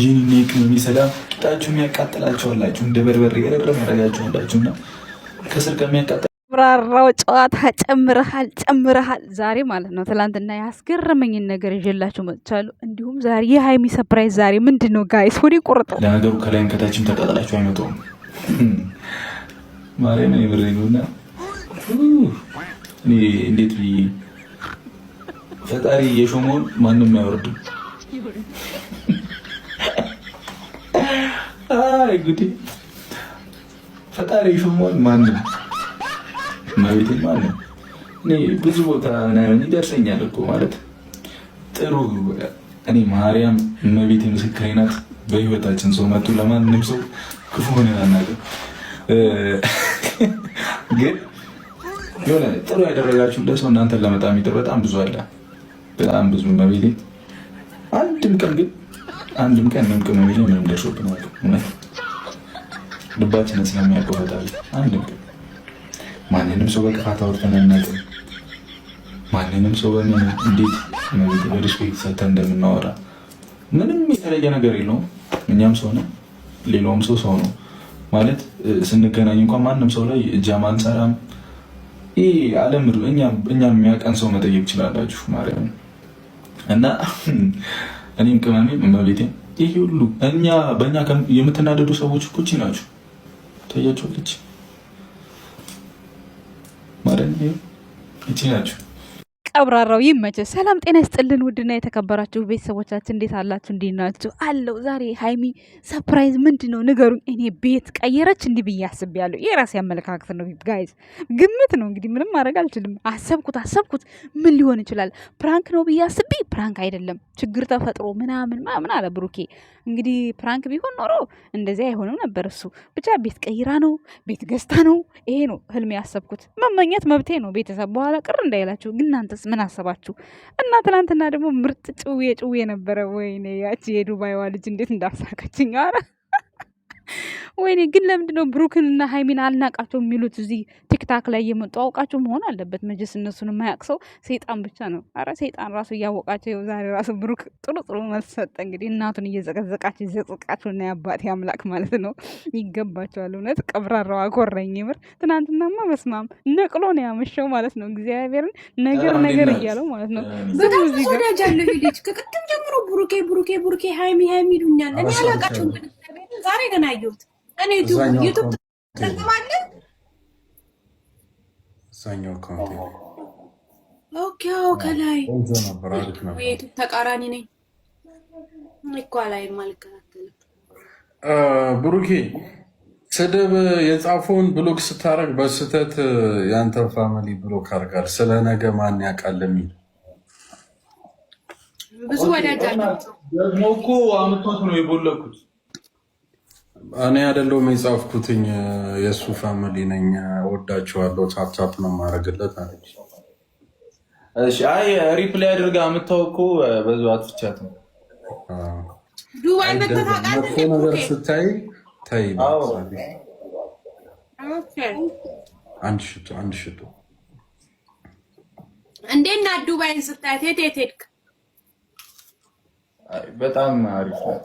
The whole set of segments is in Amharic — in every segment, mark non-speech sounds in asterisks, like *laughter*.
ይህን ቅመም ሰዳ ጣችሁ የሚያቃጥላቸዋላችሁ እንደ በርበሬ ገረረ ማድረጋችሁ አላችሁና ከስር ከሚያቃጥል ራራው ጨዋታ ጨምረሃል ጨምረሃል ዛሬ ማለት ነው። ትላንትና ያስገረመኝን ነገር ይዤላችሁ መጥቻለሁ። እንዲሁም ዛሬ የሀይሚ ሰፕራይዝ ዛሬ ምንድን ነው ጋይስ? ወደ ቆርጠው ለነገሩ ከላይም ከታችም ተቃጥላችሁ አይመጡም። ማርያም ነው የምሬን ነውና እኔ እንዴት ፈጣሪ የሾመውን ማንም አያወርድም። እንግዲህ ፈጣሪ ሽሟል። ማን ማን ነው? እኔ ብዙ ቦታ ምናምን ይደርሰኛል እኮ ማለት ጥሩ እኔ ማርያም እመቤቴ ምስክሬ ናት። በህይወታችን ሰው መጡ ለማንም ሰው ክፉ ሆነ ግን የሆነ ጥሩ ያደረጋችሁ ለሰው እናንተን ለመጣ የሚጥር በጣም ብዙ አለ፣ በጣም ብዙ እመቤቴ። አንድም ቀን ግን አንድም ቀን ምንም ደርሶብን አያውቅም እውነት ልባችንን ስለሚያቆረጣል አንድ ማንንም ሰው በክፋት አውርተን አናውቅም። ማንንም ሰው እንዴት በሪስፔክት ሰተን እንደምናወራ ምንም የተለየ ነገር የለውም። እኛም ሰው ነው፣ ሌላውም ሰው ሰው ነው ማለት ስንገናኝ እንኳን ማንም ሰው ላይ እጃም አንሰራም። ይህ አለም እኛም የሚያውቀን ሰው መጠየቅ ይችላላችሁ ማለት ነው። እና እኔም ቅመሜ መቤቴ ይህ ሁሉ እኛ በእኛ የምትናደዱ ሰዎች ኩቺ ናችሁ። ታያችኋለች ማለት ነው። ይቺ ናቸው። ቀብራራው ይመቸ። ሰላም ጤና ይስጥልን ውድና የተከበራችሁ ቤተሰቦቻችን እንዴት አላችሁ? እንዴት ናችሁ? አለው ዛሬ ሀይሚ ሰርፕራይዝ ምንድን ነው ንገሩኝ። እኔ ቤት ቀየረች እንዲህ ብዬ አስቤያለሁ። የራሴ አመለካከት ነው ጋይዝ፣ ግምት ነው እንግዲህ ምንም ማድረግ አልችልም። አሰብኩት አሰብኩት ምን ሊሆን ይችላል? ፕራንክ ነው ብዬ አስቤ ፕራንክ አይደለም ችግር ተፈጥሮ ምናምን ምናምን አለ ብሩኬ። እንግዲህ ፕራንክ ቢሆን ኖሮ እንደዚያ አይሆንም ነበር። እሱ ብቻ ቤት ቀይራ ነው ቤት ገዝታ ነው። ይሄ ነው ህልሜ ያሰብኩት። መመኘት መብቴ ነው ቤተሰብ በኋላ ቅር እንዳይላችሁ። ግን እናንተ እናንተስ ምን አሰባችሁ? እና ትናንትና ደግሞ ምርጥ ጭዌ ጭዌ ነበረ። ወይኔ ያቺ የዱባይዋ ልጅ እንዴት እንዳሳቀችኝ! ኧረ ወይኔ ግን ለምንድ ነው ብሩክን ብሩክንና ሀይሚን አልናቃቸው የሚሉት? እዚህ ቲክታክ ላይ እየመጡ አውቃቸው መሆን አለበት መጀስ። እነሱን የማያውቅ ሰው ሰይጣን ብቻ ነው። አረ ሰይጣን ራሱ እያወቃቸው ዛሬ ራሱ ብሩክ ጥሩ ጥሩ መልስ ሰጠ። እንግዲህ እናቱን እየዘቀዘቃቸው ይዘቅዝቃቸውና የአባቴ አምላክ ማለት ነው። ይገባቸዋል። እውነት ቀብራራው አኮረኝ ምር። ትናንትናማ መስማም ነቅሎ ነው ያመሸው ማለት ነው። እግዚአብሔርን ነገር ነገር እያለው ማለት ነው። በጣም ተወዳጅ ያለው ልጅ ከቅድም ጀምሮ ብሩኬ ብሩኬ ብሩኬ ሀይሚ ሀይሚ ይሉኛል። እኔ አላቃቸው ዛሬ ገና አየሁት። እኔ ዩቱብ ትጠቀማለህ? እዛኛው አካውንት ኦኬ። ከላይ የዩቱብ ተቃራኒ ነኝ እኮ አላይም፣ አልከታተልም። ብሩኬ ስድብ የጻፈውን ብሎክ ስታደርግ በስህተት የአንተ ፋሚሊ ብሎክ አድርጋል። ስለ ነገ ማን ያውቃል የሚል ብዙ ወዳጅ አለ። ደግሞ እኮ አምቶት ነው የቦለኩት እኔ አይደለሁም የጻፍኩትኝ የእሱ ፋሚሊ ነኝ። ወዳችኋለሁ ታፕታፕ ነው ማድረግለት አለች። አይ ሪፕላይ አድርጋ የምታወቁ በዙ አትቻት ነው መጥፎ ነገር ስታይ ታይ አንድ ሽቶ አንድ ሽቶ እንዴት ናት ዱባይን ስታይ የት የት ሄድክ? በጣም አሪፍ ናት።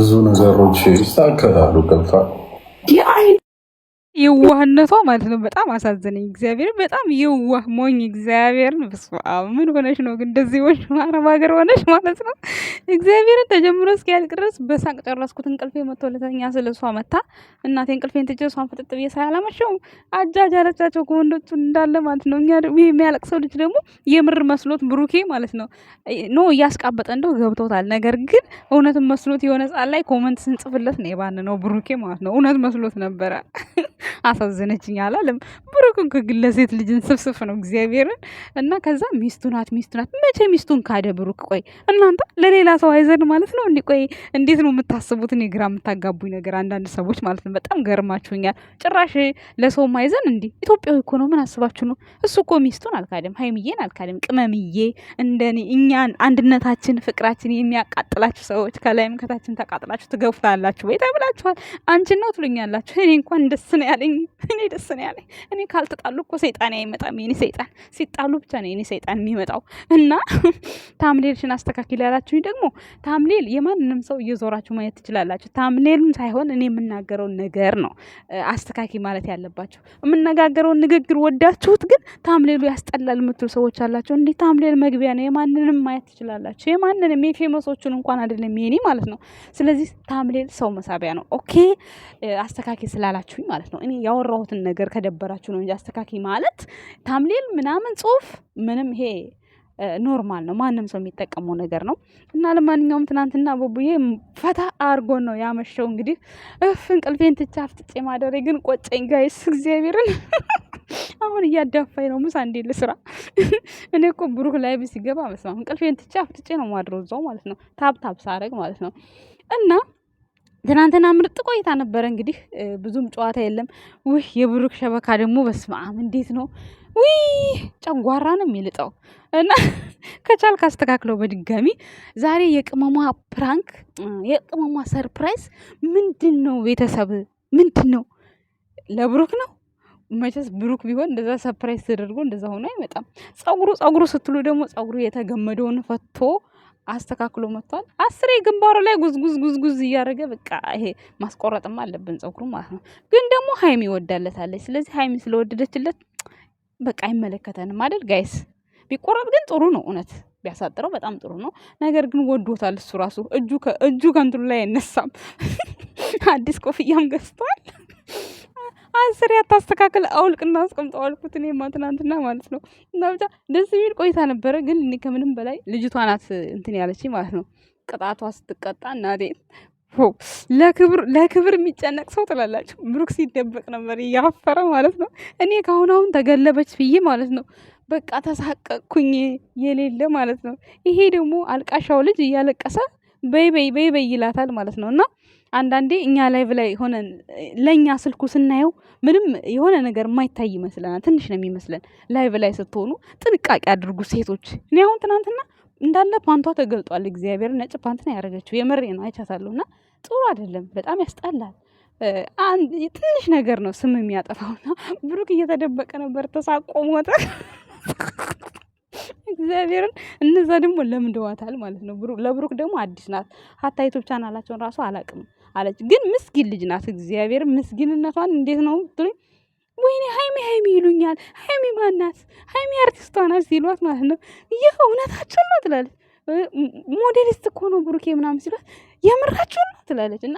ብዙ ነገሮች ይስተካከላሉ። ገብቷል። የዋህነቷ ማለት ነው። በጣም አሳዘነኝ። እግዚአብሔር በጣም የዋህ ሞኝ እግዚአብሔርን በስመ ምን ሆነሽ ነው ግን እንደዚህ ሆንሽ? አረብ ሀገር ሆነሽ ማለት ነው። እግዚአብሔርን ተጀምሮ እስኪያልቅ ድረስ በሳቅ ጨረስኩት። እንቅልፌ መጥቶ ለተኛ ስለ እሷ መታ እናቴ እንቅልፌን ትጭ እሷን ፍጥጥ ብዬ ሳይ አላመሸው አጃጅ አረቻቸው ከወንዶቹ እንዳለ ማለት ነው። እኛ የሚያለቅ ሰው ልጅ ደግሞ የምር መስሎት ብሩኬ ማለት ነው ኖ እያስቃበጠ እንደው ገብቶታል። ነገር ግን እውነትን መስሎት የሆነ ጻል ላይ ኮመንት ስንጽፍለት ነው የባን ነው ብሩኬ ማለት ነው። እውነት መስሎት ነበረ አሳዘነችኝ አላለም። ብሩክ ግን ለሴት ልጅን ስብስፍ ነው እግዚአብሔርን እና ከዛ ሚስቱ ናት ሚስቱ ናት መቼ ሚስቱን ካደ ብሩክ? ቆይ እናንተ ለሌላ ሰው አይዘን ማለት ነው እንዲ ቆይ እንዴት ነው የምታስቡት? እኔ ግራ የምታጋቡኝ ነገር አንዳንድ ሰዎች ማለት ነው በጣም ገርማችሁኛል። ጭራሽ ለሰው ማይዘን እንዲ ኢትዮጵያዊ እኮ ነው። ምን አስባችሁ ነው? እሱ እኮ ሚስቱን አልካደም፣ ሀይምዬን አልካደም፣ ቅመምዬ እንደኔ እኛ አንድነታችን ፍቅራችን የሚያቃጥላችሁ ሰዎች ከላይም ከታችን ተቃጥላችሁ ትገፉታላችሁ ወይ ተብላችኋል። አንቺን ነው ትሉኛላችሁ። እኔ እንኳን ደስ ነው ያለኝ። እኔ ደስ ነው ያለኝ። እኔ ካልተጣሉ እኮ ሰይጣን አይመጣም። የኔ ሰይጣን ሲጣሉ ብቻ ነው የኔ ሰይጣን የሚመጣው። እና ታምሌልሽን አስተካክል ያላችሁኝ ደግሞ ታምሌል የማንንም ሰው እየዞራችሁ ማየት ትችላላችሁ። ታምሌሉን ሳይሆን እኔ የምናገረው ነገር ነው አስተካኪ ማለት ያለባችሁ። የምነጋገረውን ንግግር ወዳችሁት፣ ግን ታምሌሉ ያስጠላል የምትሉ ሰዎች አላቸው። እንዲህ ታምሌል መግቢያ ነው። የማንንም ማየት ትችላላችሁ። የማንንም የፌመሶቹን እንኳን አይደለም የኔ ማለት ነው። ስለዚህ ታምሌል ሰው መሳቢያ ነው። ኦኬ አስተካኪ ስላላችሁኝ ማለት ነው። እኔ ያወራሁትን ነገር ከደበራችሁ ነው እንጂ አስተካኪ ማለት ታምሌል ምናምን ጽሁፍ ምንም ይሄ ኖርማል ነው። ማንም ሰው የሚጠቀመው ነገር ነው። እና ለማንኛውም ትናንትና ቡቡዬ ፈታ አርጎን ነው ያመሸው። እንግዲህ እፍ እንቅልፌን ትቻ አፍጥጬ ማደሬ ግን ቆጨኝ ጋይስ፣ እግዚአብሔርን *laughs* አሁን እያዳፋኝ ነው። ምሳ እንዴ ልስራ? *laughs* እኔ እኮ ብሩክ ላይ ሲገባ መስማ እንቅልፌን ትቻ አፍጥጬ ነው ማድሮ እዛው ማለት ነው፣ ታብታብ ሳረግ ማለት ነው እና ትናንትና ምርጥ ቆይታ ነበረ። እንግዲህ ብዙም ጨዋታ የለም። ውህ የብሩክ ሸበካ ደግሞ በስማም እንዴት ነው ውይ ጨጓራ ነው የሚልጠው። እና *laughs* ከቻል ካስተካክለው በድጋሚ ዛሬ የቅመሟ ፕራንክ የቅመሟ ሰርፕራይዝ ምንድን ነው? ቤተሰብ ምንድን ነው? ለብሩክ ነው መቼስ ብሩክ ቢሆን እንደዛ ሰርፕራይዝ ተደርጎ እንደዛ ሆኖ አይመጣም። ጸጉሩ ጸጉሩ ስትሉ ደግሞ ጸጉሩ የተገመደውን ፈቶ አስተካክሎ መጥቷል። አስሬ ግንባሩ ላይ ጉዝጉዝ ጉዝጉዝ እያደረገ በቃ ይሄ ማስቆረጥማ አለብን ጸጉሩ ማለት ነው። ግን ደግሞ ሀይሚ ወዳለታለች። ስለዚህ ሀይሚ ስለወደደችለት በቃ አይመለከተንም አይደል ጋይስ። ቢቆረጥ ግን ጥሩ ነው እውነት ቢያሳጥረው በጣም ጥሩ ነው። ነገር ግን ወዶታል እሱ ራሱ እጁ ከእንትኑ ላይ አይነሳም። *laughs* አዲስ ኮፍያም ገዝቷል። አስር ያታስተካከል አውልቅ እናስቀምጠው አልኩት። እኔማ ትናንትና ማለት ነው። እና ብቻ ደስ የሚል ቆይታ ነበረ። ግን እኔ ከምንም በላይ ልጅቷ ናት እንትን ያለች ማለት ነው። ቅጣቷ ስትቀጣ እናዴ ለክብር ለክብር የሚጨነቅ ሰው ትላላችሁ። ብሩክ ሲደበቅ ነበር እያፈረ ማለት ነው። እኔ ከአሁን አሁን ተገለበች ብዬ ማለት ነው በቃ ተሳቀቅኩኝ የሌለ ማለት ነው። ይሄ ደግሞ አልቃሻው ልጅ እያለቀሰ በይ በይ በይ በይ ይላታል ማለት ነው እና አንዳንዴ እኛ ላይቭ ላይ ሆነን ለእኛ ስልኩ ስናየው ምንም የሆነ ነገር የማይታይ ይመስለናል። ትንሽ ነው የሚመስለን። ላይቭ ላይ ስትሆኑ ጥንቃቄ አድርጉ ሴቶች። እኔ አሁን ትናንትና እንዳለ ፓንቷ ተገልጧል። እግዚአብሔር ነጭ ፓንት ነው ያደረገችው። የምሬ ነው፣ አይቻታለሁ። እና ጥሩ አይደለም፣ በጣም ያስጠላል። ትንሽ ነገር ነው ስም የሚያጠፋው። የሚያጠፋውና ብሩክ እየተደበቀ ነበር፣ ተሳቆ ሞተ። እግዚአብሔርን እነዛ ደግሞ ለምደዋታል ማለት ነው። ለብሩክ ደግሞ አዲስ ናት። ሀታ ዩቱብ ቻናላቸውን ራሱ አላቅም። አለች። ግን ምስጊን ልጅ ናት። እግዚአብሔር ምስጊንነቷን እንዴት ነው ብትሉኝ፣ ወይኔ ሀይሚ ሀይሚ ይሉኛል፣ ሀይሚ ማናት፣ ሀይሚ አርቲስቷ ናት ሲሏት ማለት ነው ይህ እውነታችን ነው ትላለች። ሞዴሊስት እኮ ነው ብሩኬ ምናምን ሲሏት የምራችሁን ነው ትላለች። እና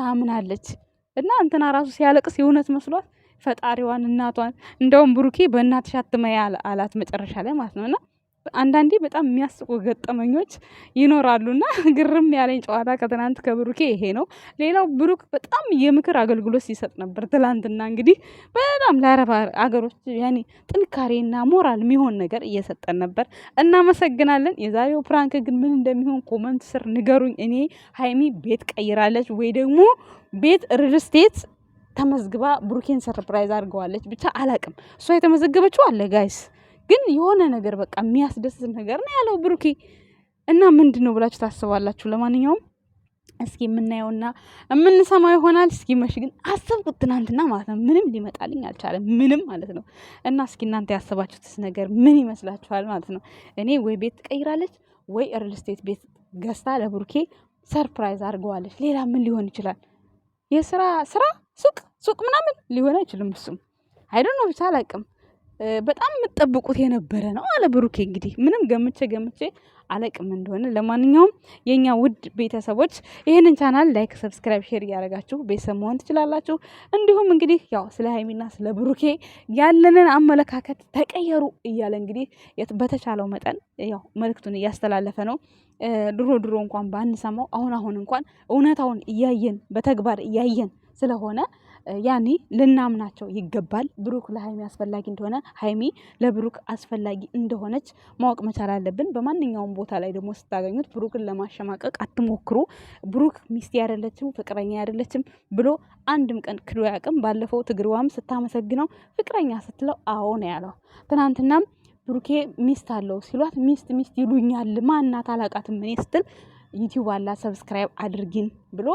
ታምናለች። እና እንትና ራሱ ሲያለቅስ የእውነት መስሏት ፈጣሪዋን እናቷን እንደውም ብሩኬ በእናትሽ አትመያ አላት መጨረሻ ላይ ማለት ነው እና አንዳንዴ በጣም የሚያስቁ ገጠመኞች ይኖራሉና *laughs* ግርም ያለኝ ጨዋታ ከትናንት ከብሩኬ ይሄ ነው። ሌላው ብሩክ በጣም የምክር አገልግሎት ሲሰጥ ነበር ትላንትና። እንግዲህ በጣም ለአረብ አገሮች ያኔ ጥንካሬና ሞራል የሚሆን ነገር እየሰጠን ነበር። እናመሰግናለን። የዛሬው ፕራንክ ግን ምን እንደሚሆን ኮመንት ስር ንገሩኝ። እኔ ሀይሚ ቤት ቀይራለች ወይ ደግሞ ቤት ሪል ስቴት ተመዝግባ ብሩኬን ሰርፕራይዝ አድርገዋለች። ብቻ አላቅም። እሷ የተመዘገበችው አለ ጋይስ ግን የሆነ ነገር በቃ የሚያስደስት ነገር ነው ያለው ብሩኬ። እና ምንድን ነው ብላችሁ ታስባላችሁ? ለማንኛውም እስኪ የምናየውና የምንሰማው ይሆናል። እስኪ መሽ ግን አሰብኩት ትናንትና ማለት ነው። ምንም ሊመጣልኝ አልቻለም፣ ምንም ማለት ነው። እና እስኪ እናንተ ያሰባችሁትስ ነገር ምን ይመስላችኋል ማለት ነው? እኔ ወይ ቤት ትቀይራለች ወይ ሪልስቴት ቤት ገዝታ ለብሩኬ ሰርፕራይዝ አድርገዋለች። ሌላ ምን ሊሆን ይችላል? የስራ ስራ ሱቅ ሱቅ ምናምን ሊሆን አይችልም። እሱም አይዶ ነው ብቻ አላውቅም። በጣም የምጠብቁት የነበረ ነው አለ ብሩኬ። እንግዲህ ምንም ገምቼ ገምቼ አለቅም እንደሆነ። ለማንኛውም የእኛ ውድ ቤተሰቦች ይህንን ቻናል ላይክ፣ ሰብስክራይብ፣ ሼር እያደረጋችሁ ቤተሰብ መሆን ትችላላችሁ። እንዲሁም እንግዲህ ያው ስለ ሀይሚና ስለ ብሩኬ ያለንን አመለካከት ተቀየሩ እያለ እንግዲህ በተቻለው መጠን ያው መልክቱን እያስተላለፈ ነው። ድሮ ድሮ እንኳን ባንሰማው አሁን አሁን እንኳን እውነታውን እያየን በተግባር እያየን ስለሆነ ያኔ ልናምናቸው ይገባል። ብሩክ ለሀይሚ አስፈላጊ እንደሆነ፣ ሀይሚ ለብሩክ አስፈላጊ እንደሆነች ማወቅ መቻል አለብን። በማንኛውም ቦታ ላይ ደግሞ ስታገኙት ብሩክን ለማሸማቀቅ አትሞክሩ። ብሩክ ሚስቴ አይደለችም ፍቅረኛ አይደለችም ብሎ አንድም ቀን ክዶ ያቅም። ባለፈው ትግርዋም ስታመሰግነው ፍቅረኛ ስትለው አዎ ነው ያለው። ትናንትናም ብሩኬ ሚስት አለው ሲሏት ሚስት ሚስት ይሉኛል ማናት አላቃትም እኔ ስትል ዩቲዩብ አላ ሰብስክራይብ አድርጊን ብሎ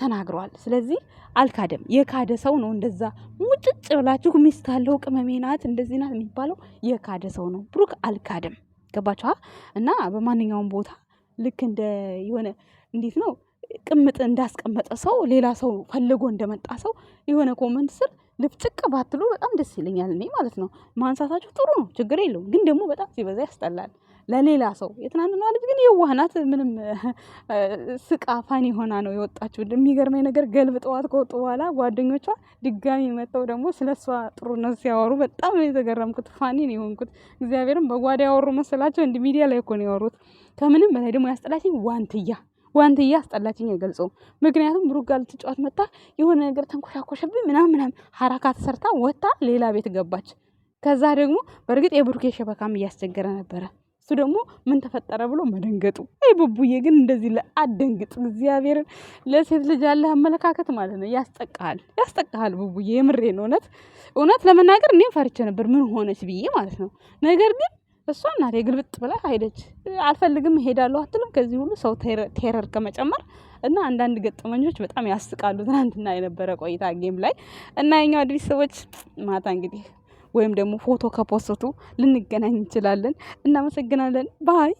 ተናግረዋል። ስለዚህ አልካደም። የካደ ሰው ነው እንደዛ ሙጭጭ ብላችሁ ሚስት አለው ቅመሜ ናት እንደዚህ ናት የሚባለው የካደ ሰው ነው። ብሩክ አልካደም። ገባችኋ? እና በማንኛውም ቦታ ልክ እንደ የሆነ እንዴት ነው ቅምጥ እንዳስቀመጠ ሰው ሌላ ሰው ፈልጎ እንደመጣ ሰው የሆነ ኮመንት ስር ልብጭቅ ባትሉ በጣም ደስ ይለኛል። እኔ ማለት ነው ማንሳታችሁ ጥሩ ነው፣ ችግር የለውም። ግን ደግሞ በጣም ሲበዛ ያስጠላል ለሌላ ሰው። የትናንትና ልጅ ግን የዋህናት ምንም ስቃ ፋኒ የሆና ነው የወጣችሁ። የሚገርመኝ ነገር ጠዋት ከወጡ በኋላ ጓደኞቿ ድጋሚ መጥተው ደግሞ ስለ እሷ ጥሩነት ሲያወሩ በጣም የተገረምኩት ፋኒ ነው የሆንኩት። እግዚአብሔርም በጓዳ ያወሩ መሰላቸው። እንዲ ሚዲያ ላይ እኮ ነው ያወሩት። ከምንም በላይ ደግሞ ያስጠላችኝ ዋንትያ ዋንትዬ አስጠላችኝ አይገልጸውም። ምክንያቱም ብሩክ ጋር ልትጫወት መጣ የሆነ ነገር ተንኮሻኮሸብኝ ምናምን ምናምን ሀራካት ተሰርታ ወጣ ሌላ ቤት ገባች። ከዛ ደግሞ በእርግጥ የብሩኬ ሸበካም እያስቸገረ ነበረ። እሱ ደግሞ ምን ተፈጠረ ብሎ መደንገጡ። አይ ቡቡዬ ግን እንደዚህ ለአደንግጥ እግዚአብሔርን ለሴት ልጅ ያለ አመለካከት ማለት ነው ያስጠቃል፣ ያስጠቃል። ቡቡዬ የምሬን እውነት እውነት ለመናገር እኔም ፈርቼ ነበር ምን ሆነች ብዬ ማለት ነው። ነገር ግን እሷ እናቴ ግልብጥ ብላ ሄደች። አልፈልግም እሄዳለሁ አትልም። ከዚህ ሁሉ ሰው ቴረር ከመጨመር እና አንዳንድ ገጠመኞች በጣም ያስቃሉ። ትናንትና የነበረ ቆይታ ጌም ላይ እና የኛው አዲስ ሰዎች ማታ እንግዲህ ወይም ደግሞ ፎቶ ከፖስቱ ልንገናኝ እንችላለን። እናመሰግናለን ባይ